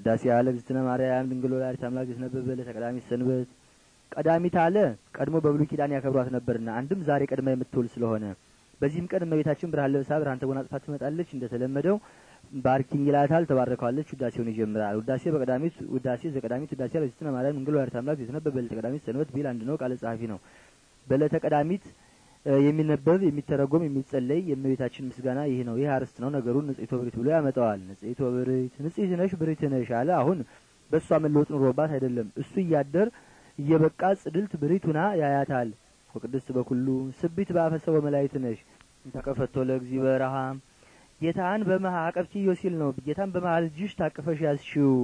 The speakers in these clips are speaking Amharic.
ውዳሴ አለ እግዝእትነ ማርያም ድንግል ወላዲተ አምላክ በበለ ተቀዳሚ ሰንበት ቀዳሚት አለ ቀድሞ በብሉይ ኪዳን ያከብሯት ነበርና አንድም ዛሬ ቀድማ የምትውል ስለሆነ በዚህም ቀን እመቤታችን ብርሃን ለብሳ ብርሃን ተጎናጽፋ ትመጣለች። እንደተለመደው ባርኪኝ ይላታል። ተባረከዋለች። ውዳሴውን ይጀምራል። ውዳሴ በቀዳሚት ውዳሴ ዘቀዳሚት ውዳሴ አለ እግዝእትነ ማርያም ድንግል ወላዲተ አምላክ በበለ ለተቀዳሚት ሰንበት ቢል አንድ ነው። ቃለ ጸሐፊ ነው። በለተቀዳሚት የሚነበብ የሚተረጎም የሚጸለይ የእመቤታችን ምስጋና ይህ ነው። ይህ አርስት ነው። ነገሩን ንጽሕት ብሪት ብሎ ያመጣዋል። ንጽሕት ብሪት ንጽሕት ነሽ ብሪት ነሽ አለ። አሁን በእሷ መለወጥ ኑሮባት አይደለም። እሱ እያደር እየበቃ ጽድልት ብሪቱና ያያታል። ወቅድስት በኩሉ ስቢት በአፈሰው በመላይት ነሽ ተቀፈቶ ለእግዚ በረሃ ጌታን በመሀ አቀብቲ ሲል ነው። ጌታን በመሃ ልጅሽ ታቅፈሽ ያዝሽው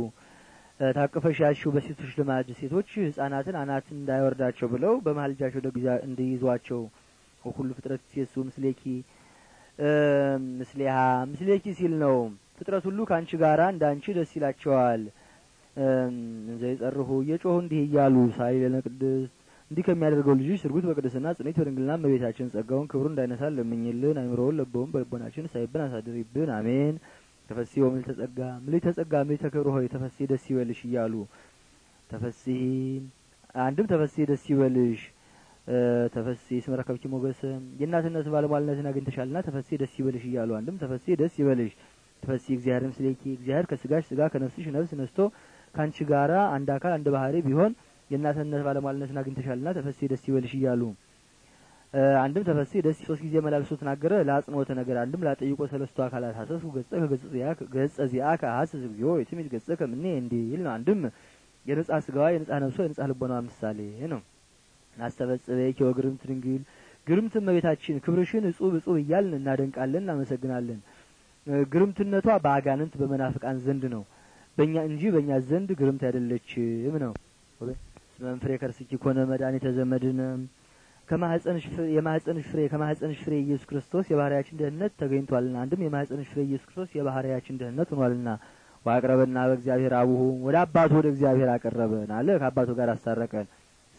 ታቅፈሽ ያዝሽው በሴቶች ልማድ ሴቶች ህጻናትን አናትን እንዳይወርዳቸው ብለው በመሀል እጃቸው እንዲይዟቸው ወኩሉ ፍጥረት ሴሱ ምስሌኪ ምስሌሃ ምስሌኪ ሲል ነው። ፍጥረት ሁሉ ከአንቺ ጋራ እንደ አንቺ ደስ ይላቸዋል። እንዘ ይጸርሁ እየጮሁ እንዲህ እያሉ ሳሊ ለነ ቅድስት እንዲህ ከሚያደርገው ልጅሽ ስርጉት በቅድስና ጽኔት በድንግልና መቤታችን ጸጋውን ክብሩን እንዳይነሳል ለምኝልን። አይምሮውን ለበውን በልቦናችን ሳይብን አሳድሪብን። አሜን ተፈሲ ወምል ተጸጋ ምልይ ተጸጋ ምልይ ተክብሮ ሆይ ተፈሲ ደስ ይበልሽ እያሉ ተፈሲ አንድም ተፈሲ ደስ ይበልሽ ተፈሲ ስመረከብች ሞገስ የእናትነት ባለሟልነትን አግኝተሻልና ተፈሲ ደስ ይበልሽ እያሉ አንድም ተፈሲ ደስ ይበልሽ ተፈሲ እግዚአብሔርም ስለኪ እግዚአብሔር ከስጋሽ ስጋ ከነፍስሽ ነፍስ ነስቶ ከአንቺ ጋራ አንድ አካል አንድ ባህሪ ቢሆን የእናትነት ባለሟልነትን አግኝተሻልና ተፈሲ ደስ ይበልሽ እያሉ አንድም ተፈሲ ደስ ሶስት ጊዜ መላልሶ ተናገረ። ለአጽንኦተ ነገር አንድም ላጠይቆ ሰለስቱ አካላት ሀሰሱ ገጸ ከገጸ ዚያ ከሀሰስ እግዚኦ የትሚት ገጸ ከምኔ እንዲል ነው። አንድም የነጻ ስጋዋ የነጻ ነፍሷ የነጻ ልቦናዋ ምሳሌ ነው። ናስተበጽበኪ ወግርምት ድንግል ግርምት እመቤታችን ክብርሽን እጹብ እጹብ እያልን እናደንቃለን፣ እናመሰግናለን። ግርምትነቷ በአጋንንት በመናፍቃን ዘንድ ነው፣ በእኛ እንጂ በእኛ ዘንድ ግርምት አይደለችም ነው። ስመንፍሬ ከርስኪ ኮነ መድኒ ዘመድነ ከማህጸንሽ ፍሬ ከማህፀንሽ ፍሬ ኢየሱስ ክርስቶስ የባህርያችን ደህንነት ተገኝቷልና፣ አንድም የማህጸንሽ ፍሬ ኢየሱስ ክርስቶስ የባህርያችን ደህንነት ሆኗልና ዋቅረበና በእግዚአብሔር አቡሁ ወደ አባቱ ወደ እግዚአብሔር አቀረበን አለ። ከአባቱ ጋር አስታረቀን።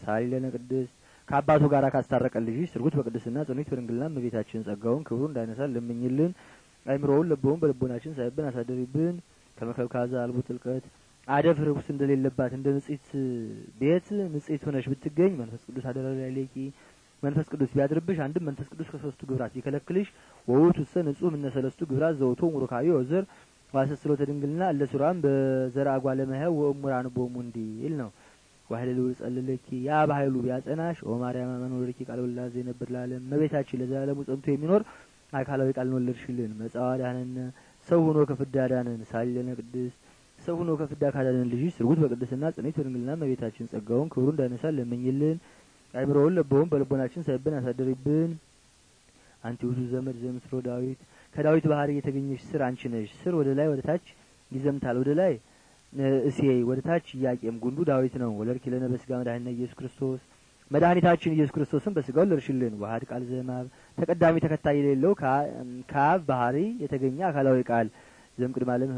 ሳሊለነ ቅድስት ከአባቱ ጋር ካስታረቀ ካስታረቀልሽ ስርጉት በቅድስና ጽኑት በድንግልና እመቤታችን ጸጋውን ክብሩ እንዳይነሳ ልምኝልን። አይምሮውን ልቦውን በልቦናችን ሳይብን አሳደሪብን። ከመከብካዛ አልቡ ጥልቀት አደፍ ርኩስ እንደሌለባት እንደ ንጽት ቤት ንጽት ሆነሽ ብትገኝ መንፈስ ቅዱስ አደረ ላይ መንፈስ ቅዱስ ቢያድርብሽ አንድም መንፈስ ቅዱስ ከሶስቱ ግብራት ቢከለክልሽ ወውቱ ሰ ንጹህ ምነ ሰለስቱ ግብራት ዘውቶ ሙሩካዊ ወዘር ዋሰስሎተ ድንግልና ለሱራም በዘራ መህ ወእሙራን ቦሙ እንዲል ነው። ዋህልል ውጸልልኪ ያ በኃይሉ ቢያጸናሽ ኦ ማርያም መኖርኪ ቃል ወላዜ ነበር ለዓለም መቤታችን ለዘላለሙ ጸንቶ የሚኖር አካላዊ ቃል ወለድሽልን መጻዋዳነን ሰው ሆኖ ከፍዳ ዳነን ሳሊለነ ቅድስት ሰው ሆኖ ከፍዳ ካዳነን ልጅሽ ስርጉት በቅድስና ጽንዕት በድንግልና መቤታችን ጸጋውን ክብሩ እንዳነሳ ለመኝልን አይምሮውን ለበውን በልቦናችን ሳይብን አሳደሪብን አንቲ ውዙ ዘመድ ዘምስሮ ዳዊት ከዳዊት ባህሪ የተገኘሽ ስር አንቺ ነሽ። ስር ወደ ላይ ወደ ታች ይዘምታል ወደ ላይ እሴይ ወደ ታች እያቄም ጉንዱ ዳዊት ነው ወለርኪ ለነ በስጋ መድኃኒትና ኢየሱስ ክርስቶስ መድኃኒታችን ኢየሱስ ክርስቶስን በስጋ ወለርሽልን ዋህድ ቃል ዘማብ ተቀዳሚ ተከታይ የሌለው ከአብ ባህሪ የተገኘ አካላዊ ቃል ዘም ቅድመ ዓለም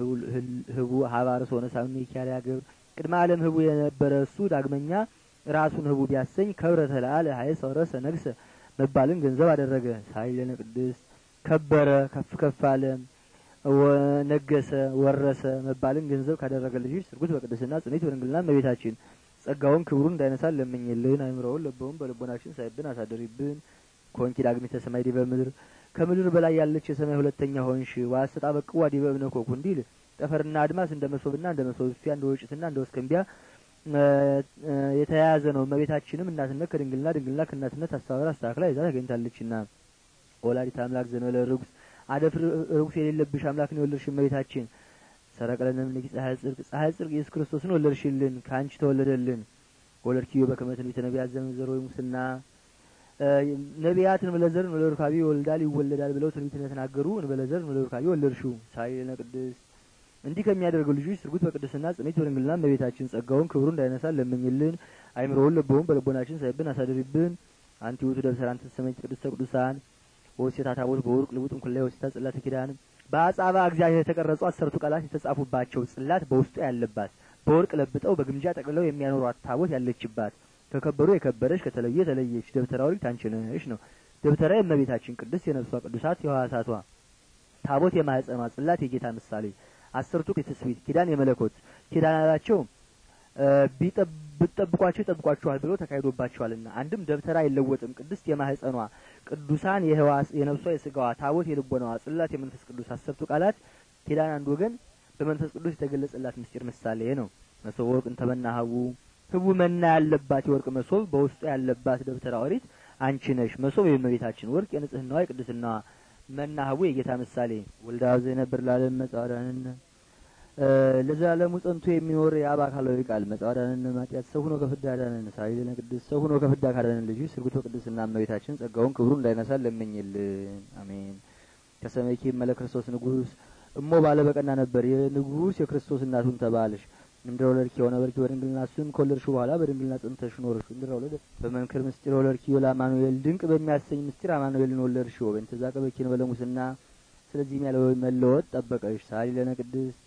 ህቡ ሀባርስ ሆነ ሳምኒ ኪያላ ግብር ቅድመ ዓለም ህቡ የነበረ እሱ ዳግመኛ ራሱን ህቡ ቢያሰኝ ከብረ ለአለ ሀይ ሰውረሰ ነግሰ መባልን ገንዘብ አደረገ ሳይለነ ቅድስት ከበረ ከፍ ከፍ አለም ነገሰ ወረሰ መባልን ገንዘብ ካደረገ ልጅ ስርጉት በቅድስና ጽኔት በድንግልና መቤታችን ጸጋውን ክብሩን እንዳይነሳን ለምኝልን። አይምሮውን ለበውን በልቦናችን ሳይብን አሳደሪብን። ኮንኪ ዳግሚተ ሰማይ ዲበ ምድር ከምድር በላይ ያለች የሰማይ ሁለተኛ ሆንሽ። ዋስጣ በቅዋ ዲበ እብነ ኮኩ እንዲል ጠፈርና አድማስ እንደ መሶብና እንደ መሶብ ፊያ እንደ ወጭትና እንደ ወስከንቢያ የተያያዘ ነው። እመቤታችንም እናትነት ከድንግልና ድንግልና ከእናትነት አስተባብራ አስተካክላ ይዛ ተገኝታለችና ወላዲተ አምላክ ዘንበለ ርጉስ አደፍ ርኩስ የሌለብሽ አምላክ ነው የወለድሽን እመቤታችን። ሰረቀ ለነ እምኔኪ ፀሐይ ጽድቅ ፀሐይ ጽድቅ ኢየሱስ ክርስቶስን ወለድሽልን፣ ከአንቺ ተወለደልን። ወለድኪዮ በከመ ትንቢተ ነቢያት ዘሮ ሙስና ነቢያትን እንበለዘር እንበለርካቢ ይወልዳል ይወለዳል ብለው ትንቢት እንደተናገሩ እንበለዘር እንበለርካቢ ወለድሽው ሳይለነ ቅድስት እንዲህ ከሚያደርገው ልጆች ስርጉት በቅድስና ጽኔት በድንግልና እመቤታችን ጸጋውን ክብሩን እንዳይነሳ ለምኝልን። አይምሮውን ልቦውን በልቦናችን ሳይብን አሳድሪብን። አንቲ ውእቱ ደብተራ አንተ ትሰመይ ቅድስተ ቅዱሳን ወሴት ታቦት በወርቅ ልቡጥ እንኩላይ ወሴታ ጽላተ ኪዳን በአጻባ እግዚአብሔር የተቀረጹ አስርቱ ቃላት የተጻፉባቸው ጽላት በውስጡ ያለባት በወርቅ ለብጠው በግምጃ ጠቅልለው የሚያኖሯት ታቦት ያለችባት ከከበሩ የከበረች ከተለዩ የተለየች ደብተራ ወርቅ ነሽ ነው። ደብተራ የእመቤታችን ቅድስት የነፍሷ ቅዱሳት የዋሳቷ ታቦት የማህፀኗ ጽላት የጌታ ምሳሌ አስርቱ የትስብእት ኪዳን የመለኮት ኪዳን አላቸው። ብጠብቋቸው ይጠብቋችኋል ብሎ ተካሂዶባቸዋልና አንድም ደብተራ አይለወጥም ቅድስት የማህፀኗ ቅዱሳን የነፍሷ የስጋዋ ታቦት የልቦናዋ ጽላት የመንፈስ ቅዱስ አሰብቱ ቃላት ኪዳን አንድ ወገን በመንፈስ ቅዱስ የተገለጸላት ምስጢር ምሳሌ ነው። መሶብ ወርቅ ህቡ መና ያለባት የወርቅ መሶብ በውስጡ ያለባት ደብተራ ኦሪት አንቺ ነሽ። መሶብ የእመቤታችን ወርቅ የንጽህናዋ የቅድስናዋ መናሀቡ የጌታ ምሳሌ ወልዳዘ ነብር ላለም ለዘላለሙ ጸንቶ የሚኖር የአብ አካላዊ ቃል መጽአ አዳነነ ማጢአት ሰው ሆኖ ከፍዳ አዳነነ ሳይለነ ቅዱስ ሰው ሆኖ ከፍዳ ካዳነን ልጅ ስርጉቶ ቅድስና እመቤታችን ጸጋውን ክብሩን እንዳይነሳል ለምኝልን። አሜን። ከሰመኪ መለ ክርስቶስ ንጉስ እሞ ባለ በቀና ነበር የንጉስ የክርስቶስ እናቱን ተባልሽ እምድረ ወለድኪ የሆነ በርኪ በድንግልና እሱን ከወለድሽ በኋላ በድንግልና ጽንተሽ ኖርሽ። እምድረ ወለደ በመንክር ምስጢር ወለድኪ ለአማኑኤል ድንቅ በሚያሰኝ ምስጢር አማኑኤልን ወለድሽ። ወበእንተ ዛቀ በለሙስና ስለዚህም ያለ መለወጥ ጠበቀሽ። ሳሊ ለነ ቅድስት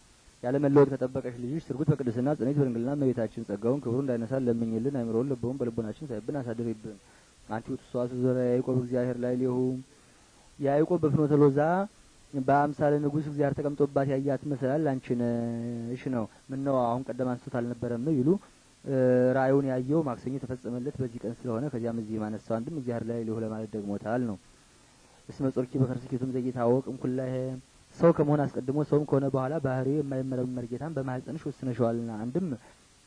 ያለመለወጥ ከጠበቀሽ ልጅሽ ትርጉት በቅድስና ጽኔት በድንግልና እመቤታችን ጸጋውን ክብሩ እንዳይነሳን ለምኝልን። አይምሮውን ልቦውን በልቦናችን ሳይብን አሳድሪብን። አንቲ ውእቱ ሰዋስው ዘርአ ያዕቆብ እግዚአብሔር ላይ ሊሁ ያዕቆብ በፍኖተ ሎዛ በአምሳለ ንጉሥ እግዚአብሔር ተቀምጦባት ያያት መሰላል አንቺ ነሽ ነው። ምን ነው አሁን ቀደም አንስቶት አልነበረም ይሉ ራእዩን ያየው ማክሰኞ ተፈጸመለት በዚህ ቀን ስለሆነ ከዚያም እዚህ ማነሳው አንድም እግዚአብሔር ላይ ሊሁ ለማለት ደግሞታል ነው። እስመ ጾርኪ በከርስኪቱም ዘጌታ ወቅም ሰው ከመሆን አስቀድሞ ሰውም ከሆነ በኋላ ባህሪው የማይመረመር ጌታን በማህፀንሽ ወስነሸዋልና አንድም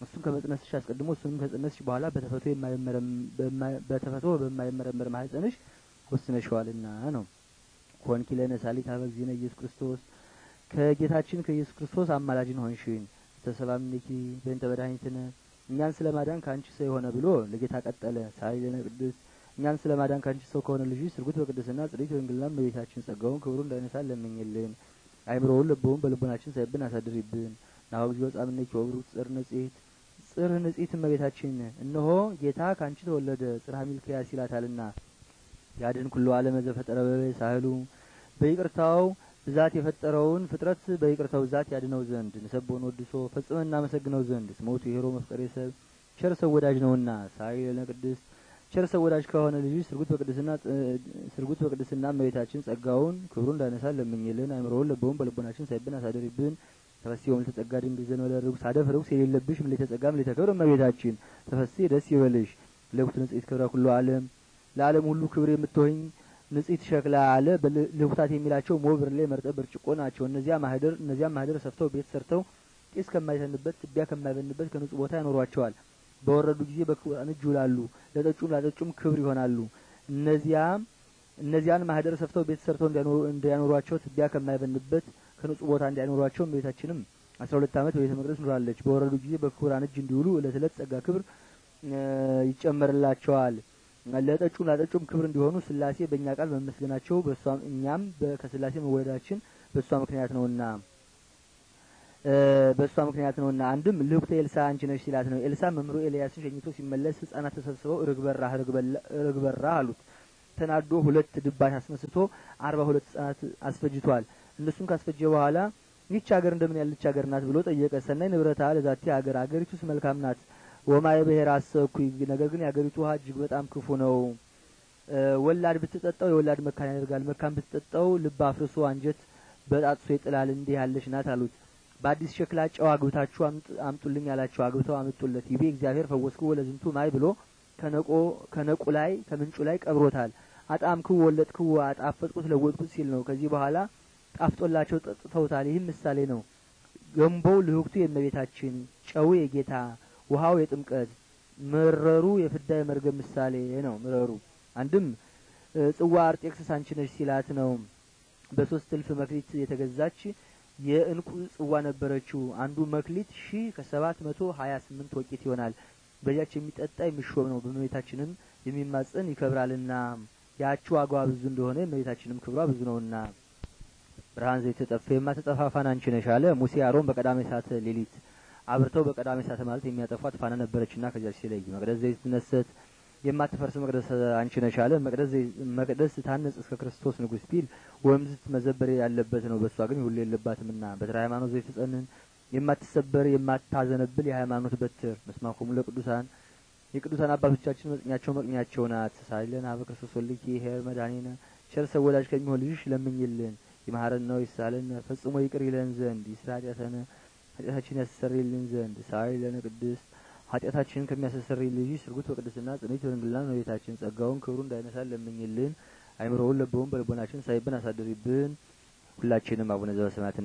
እሱም ከመጽነስሽ አስቀድሞ እሱንም ከጽነስሽ በኋላ በተፈቶ በማይመረመር ማህፀንሽ ወስነሸዋልና ነው። ኮንኪ ለነሳሊ ሳሊተ ኢየሱስ ክርስቶስ ከጌታችን ከኢየሱስ ክርስቶስ አማላጅን ሆንሽን ተሰባምኒኪ በእንተ መድኃኒትነ እኛን ስለማዳን ከአንቺ ሰው የሆነ ብሎ ለጌታ ቀጠለ። ሳሊ ለነ ቅድስት እኛን ስለ ማዳን ካንቺ ሰው ከሆነ ልጅ ስርጉት በቅድስና ጽሪት ወንግልና እመቤታችን ጸጋውን ክብሩን እንዳይነሳ ለምኝልን። አይምሮውን ልቦውን በልቦናችን ሳይብን አሳድሪብን። ናሁ እግዚኦ ጻምነኪ ወብሩ ጽር ንጽሕት ጽር ንጽሕት እመቤታችን እነሆ ጌታ ካንቺ ተወለደ ጽርሐ ሚልክያስ ይላታልና ያድን ኩሉ ዓለም ዘፈጠረ በበይ ሳህሉ በይቅርታው ብዛት የፈጠረውን ፍጥረት በይቅርታው ብዛት ያድነው ዘንድ ንሰቦን ወድሶ ፈጽመን እናመሰግነው ዘንድ ስሞቱ የሄሮ መፍቀሬ ሰብ ቸር ሰው ወዳጅ ነውና ሳይለነ ቅድስት ቸር ሰው ወዳጅ ከሆነ ልጅ ስርጉት በቅድስና ስርጉት በቅድስና እመቤታችን ጸጋውን ክብሩን እንዳነሳ ለምኝልን። አእምሮውን ልቦውን በልቦናችን ሳይብን አሳደሪብን። ተፈሲ ወምልዕተ ጸጋ ድንግል ወለ ርኩስ አደፍ ርኩስ የሌለብሽ ምልዕተ ጸጋ ምልዕተ ክብር እመቤታችን ተፈሲ ደስ ይበልሽ። ለኩት ንጽሕት ክብረ ኩሉ ዓለም ለዓለም ሁሉ ክብር የምትሆኝ ንጽሕት ሸክላ አለ ለኩታት የሚላቸው ሞብር ብርሌ፣ መርጠ ብርጭቆ ናቸው። እነዚያ ማህደር እነዚያ ማህደር ሰፍተው ቤት ሰርተው ጢስ ከማይተንበት ትቢያ ከማይበንበት ከንጹህ ቦታ ያኖሯቸዋል። በወረዱ ጊዜ በክቡራን እጅ ይውላሉ፣ ለጠጩም ላጠጩም ክብር ይሆናሉ። እነዚያም እነዚያን ማህደር ሰፍተው ቤት ሰርተው እንዲያኖሯቸው ትቢያ ከማይበንበት ከንጹህ ቦታ እንዲያኖሯቸው ቤታችንም አስራ ሁለት ዓመት በቤተ መቅደስ ኑራለች። በወረዱ ጊዜ በክቡራን እጅ እንዲውሉ እለት እለት ጸጋ ክብር ይጨመርላቸዋል። ለጠጩም ላጠጩም ክብር እንዲሆኑ ስላሴ በእኛ ቃል መመስገናቸው በእሷም እኛም ከስላሴ መወለዳችን በእሷ ምክንያት ነውና በእሷ ምክንያት ነው እና አንድም ልብተ ኤልሳ አንቺ ነሽ ሲላት ነው። ኤልሳ መምሩ ኤልያስን ሸኝቶ ሲመለስ ህጻናት ተሰብስበው ርግበራ ርግበራ አሉት። ተናዶ ሁለት ድባሽ አስነስቶ አርባ ሁለት ህጻናት አስፈጅቷል። እነሱም ካስፈጀ በኋላ ይህች ሀገር እንደምን ያለች ሀገር ናት ብሎ ጠየቀ። ሰናይ ንብረታ ለዛቲ ሀገር ሀገሪቱስ መልካም ናት ወማየ ብሔር አሰብኩ፣ ነገር ግን የሀገሪቱ ውሃ እጅግ በጣም ክፉ ነው። ወላድ ብትጠጣው የወላድ መካን ያደርጋል፣ መካን ብትጠጣው ልብ አፍርሶ አንጀት በጣጥሶ ይጥላል። እንዲህ ያለች ናት አሉት። በአዲስ ሸክላ ጨው አግብታችሁ አምጡልኝ ያላቸው አግብተው አምጡለት ይቤ እግዚአብሔር ፈወስኩ ወለዝንቱ ማይ ብሎ ከነቆ ከነቁ ላይ ከምንጩ ላይ ቀብሮታል። አጣምክዎ ወለጥክዎ፣ አጣፈጥኩት፣ ለወጥኩት ሲል ነው። ከዚህ በኋላ ጣፍጦላቸው ጠጥተውታል። ይህም ምሳሌ ነው። ገንቦው ልህኩቱ የእመቤታችን፣ ጨው የጌታ፣ ውሃው የጥምቀት፣ መረሩ የፍዳ የመርገብ ምሳሌ ነው። መረሩ አንድም ጽዋ አርጤክስስ አንቺ ነሽ ሲላት ነው። በሶስት እልፍ መክሊት የተገዛች የእንቁ ጽዋ ነበረችው። አንዱ መክሊት ሺ ከሰባት መቶ ሀያ ስምንት ወቂት ይሆናል። በዚያች የሚጠጣ የሚሾም ነው። በእመቤታችንም የሚማጽን ይከብራልና ያቺ ዋጋዋ ብዙ እንደሆነ የእመቤታችንም ክብሯ ብዙ ነውና ብርሃን ዘይትጠፍ የማትጠፋ ፋና አንቺ ነሽ አለ ሙሴ አሮን በቀዳሜ ሰዓት ሌሊት አብርተው በቀዳሜ ሰዓት ማለት የሚያጠፏት ፋና ነበረችና ከዚያች ሲለይ መቅደስ ዘይት ትነሰት የማትፈርስ መቅደስ አንቺ ነሽ አለ። መቅደስ መቅደስ ታነጽ እስከ ክርስቶስ ንጉስ ቢል ወምዝት መዘበር ያለበት ነው። በእሷ ግን ሁሉ የለባትምና በትረ ሃይማኖት ዘይፍጸንን የማትሰበር የማታዘነብል የሃይማኖት በትር ምስማኮሙ ለቅዱሳን የቅዱሳን አባቶቻችን መጽኛቸው መቅኛቸው ናት። ሳይለን ሀበ ክርስቶስ ወልኪ ሄር መድኃኒነ ቸር ሰው ወዳጅ ከሚሆን ልጅሽ ለምኝልን ይማረን ነው ይሳለን ፈጽሞ ይቅር ይለን ዘንድ ይስራ ኃጢአታችንን ያስተሰርይልን ዘንድ ሳይለን ቅድስት ኃጢአታችንን ከሚያስተሰርይልን ልጅ ስርጉት በቅድስና ጽንዕት በድንግልና እመቤታችን ጸጋውን ክብሩ እንዳይነሳ ለምኝልን። አይምሮውን ለበውን በልቦናችን ሳይብን አሳድሪብን። ሁላችንም አቡነ ዘበሰማያት